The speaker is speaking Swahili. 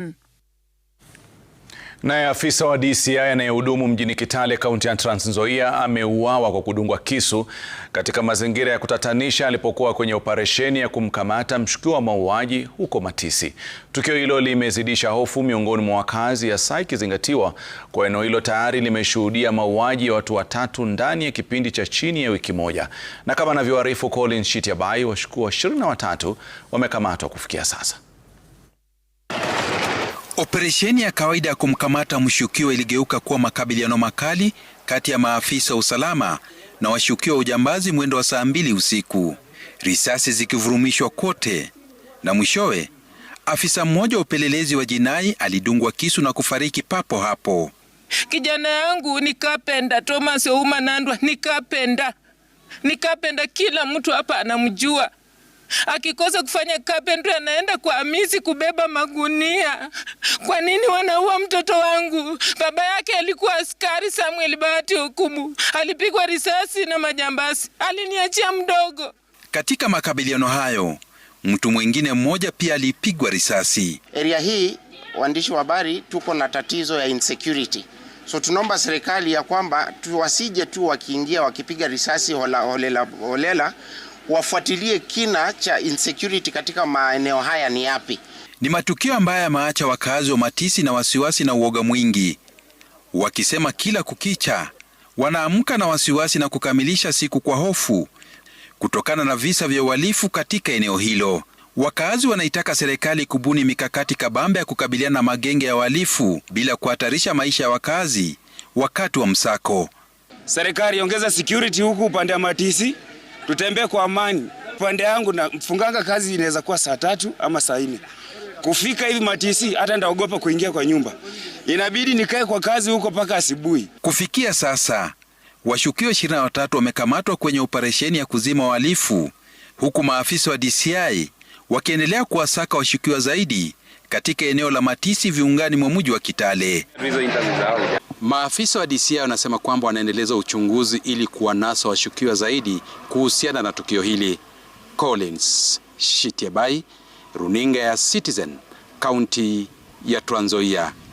Hmm. Naye afisa wa DCI anayehudumu mjini Kitale kaunti ya Trans Nzoia ameuawa kwa kudungwa kisu katika mazingira ya kutatanisha alipokuwa kwenye operesheni ya kumkamata mshukiwa wa mauaji huko Matisi. Tukio hilo limezidisha hofu miongoni mwa wakazi, ya saa ikizingatiwa kwa eneo hilo tayari limeshuhudia mauaji ya watu watatu ndani ya kipindi cha chini ya wiki moja, na kama anavyoarifu Colin Shitiabai, washukiwa ishirini na watatu wamekamatwa kufikia sasa. Operesheni ya kawaida ya kumkamata mshukiwa iligeuka kuwa makabiliano makali kati ya maafisa wa usalama na washukiwa wa ujambazi mwendo wa saa mbili usiku, risasi zikivurumishwa kote, na mwishowe afisa mmoja wa upelelezi wa jinai alidungwa kisu na kufariki papo hapo. Kijana yangu nikapenda Thomas Ouma Nandwa, nikapenda nikapenda, kila mtu hapa anamjua akikosa kufanya carpentry anaenda kwa Hamisi kubeba magunia. Kwa nini wanaua mtoto wangu? Baba yake alikuwa askari Samuel Bahati Hukumu, alipigwa risasi na majambazi, aliniachia mdogo. Katika makabiliano hayo, mtu mwingine mmoja pia alipigwa risasi. Eria hii, waandishi wa habari, tuko na tatizo ya insecurity So tunaomba serikali ya kwamba tu wasije tu wakiingia wakipiga risasi holela holela, holela wafuatilie kina cha insecurity katika maeneo haya ni yapi. Ni matukio ambayo yamaacha wakazi wa Matisi na wasiwasi na uoga mwingi, wakisema kila kukicha wanaamka na wasiwasi na kukamilisha siku kwa hofu kutokana na visa vya uhalifu katika eneo hilo. Wakazi wanaitaka serikali kubuni mikakati kabambe ya kukabiliana na magenge ya uhalifu bila kuhatarisha maisha ya wakazi wakati wa msako. Serikali ongeza security huku upande wa Matisi tutembee kwa amani. pande yangu na mfunganga kazi inaweza kuwa saa tatu ama saa nne kufika hivi matisi, hata ndaogopa kuingia kwa nyumba, inabidi nikae kwa kazi huko mpaka asubuhi. Kufikia sasa washukiwa ishirini na watatu wamekamatwa kwenye operesheni ya kuzima uhalifu, huku maafisa wa DCI wakiendelea kuwasaka washukiwa zaidi katika eneo la Matisi viungani mwa mji wa Kitale. Maafisa wa DCI wanasema kwamba wanaendeleza uchunguzi ili kuwanasa washukiwa zaidi kuhusiana na tukio hili. Collins Shitiebai, Runinga ya Citizen, kaunti ya Trans Nzoia.